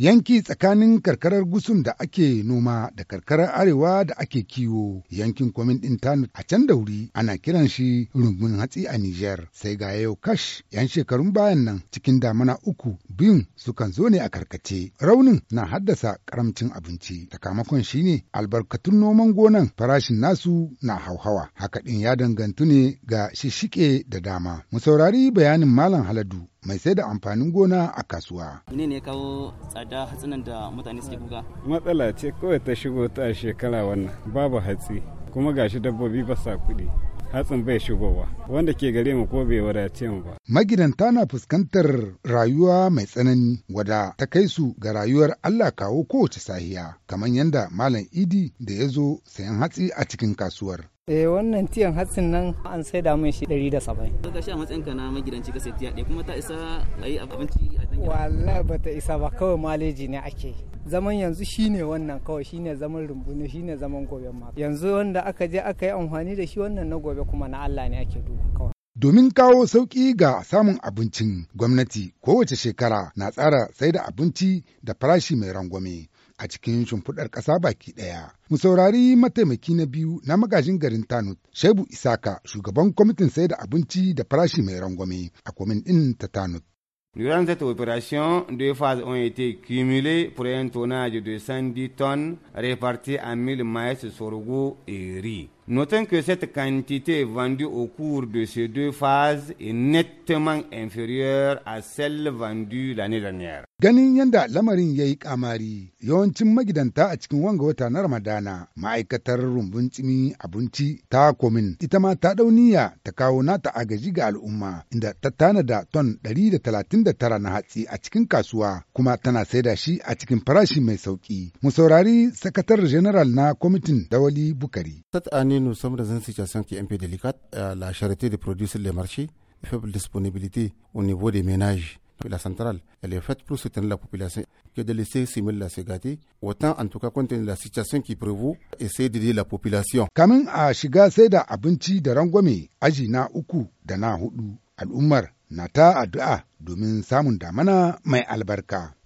yanki tsakanin karkarar gusun da ake noma da karkarar arewa da ake kiwo yankin kwamin ɗin tanu a can da wuri ana kiran shi rungun hatsi a Nijar sai ga yau kash yan shekarun bayan nan cikin damana uku biyun sukan zo ne a karkace raunin na haddasa karamcin abinci sakamakon shine albarkatun noman gonan farashin nasu na hauhawa haka ɗin ya dangantu ne ga shishike da dama mu saurari bayanin malam Haladu mai sai da amfanin gona a kasuwa. Mene ne kawo tsada hatsinan da mutane suke buga? Matsala ce kawai ta shigo ta shekara wannan babu hatsi kuma gashi dabbobi ba sa kuɗi. hatsin bai shigowa wanda ke gare mu ko bai wadace mu ba. Magidanta na fuskantar rayuwa mai tsanani wada ta kai su ga rayuwar Allah kawo kowace sahiya kamar yadda Malam Idi da ya zo sayan hatsi a cikin kasuwar. eh wannan tiyan hatsin nan an sai da mun shi 170 shi a matsayin ka na magidanci ka sai tiya kuma ta isa ayi abinci a wallahi bata isa ba kawai maleji ne ake zaman yanzu shine wannan kawai shine zaman rumbuni shine zaman gobe ma yanzu wanda aka je aka yi amfani da shi wannan na gobe kuma na Allah ne ake duba kawai Domin kawo sauƙi ga samun abincin gwamnati kowace shekara na tsara sai da abinci da farashi mai rangwame a cikin shimfiɗar ƙasa baki ɗaya. Mu saurari mataimaki na biyu na magajin garin Tanut, Shebu Isaka, shugaban kwamitin sai da abinci da farashi mai rangwame a Kwamitin ta Tanut. Durant cette opération, deux phases ont été cumulées pour un tonnage de 110 tonnes réparties en 1000 maïs, sorgho et riz. Notons que cette quantité vendue au cours de ces deux phases est nettement inférieure à celle vendue l'année dernière. Ganin yadda lamarin ya yi kamari, yawancin magidanta a cikin wanga wata na Ramadana, ma'aikatar rumbun tsimi abinci ta komin, ita ma ta dauniya ta kawo nata agaji ga al'umma, inda ta tanada ton 139 na hatsi a cikin kasuwa, kuma tana saida shi a cikin farashi mai sauki. Mu saurari sakatar general na kwamitin Dawali Bukari. nous sommes dans une situation qui est un peu délicate. Euh, la charité des produits sur les marchés, faible disponibilité au niveau des ménages. La centrale, elle est faite pour soutenir la population que de laisser simuler la gâter. Autant, en tout cas, compte la situation qui prévaut, essayer d'aider la population. a domin albarka.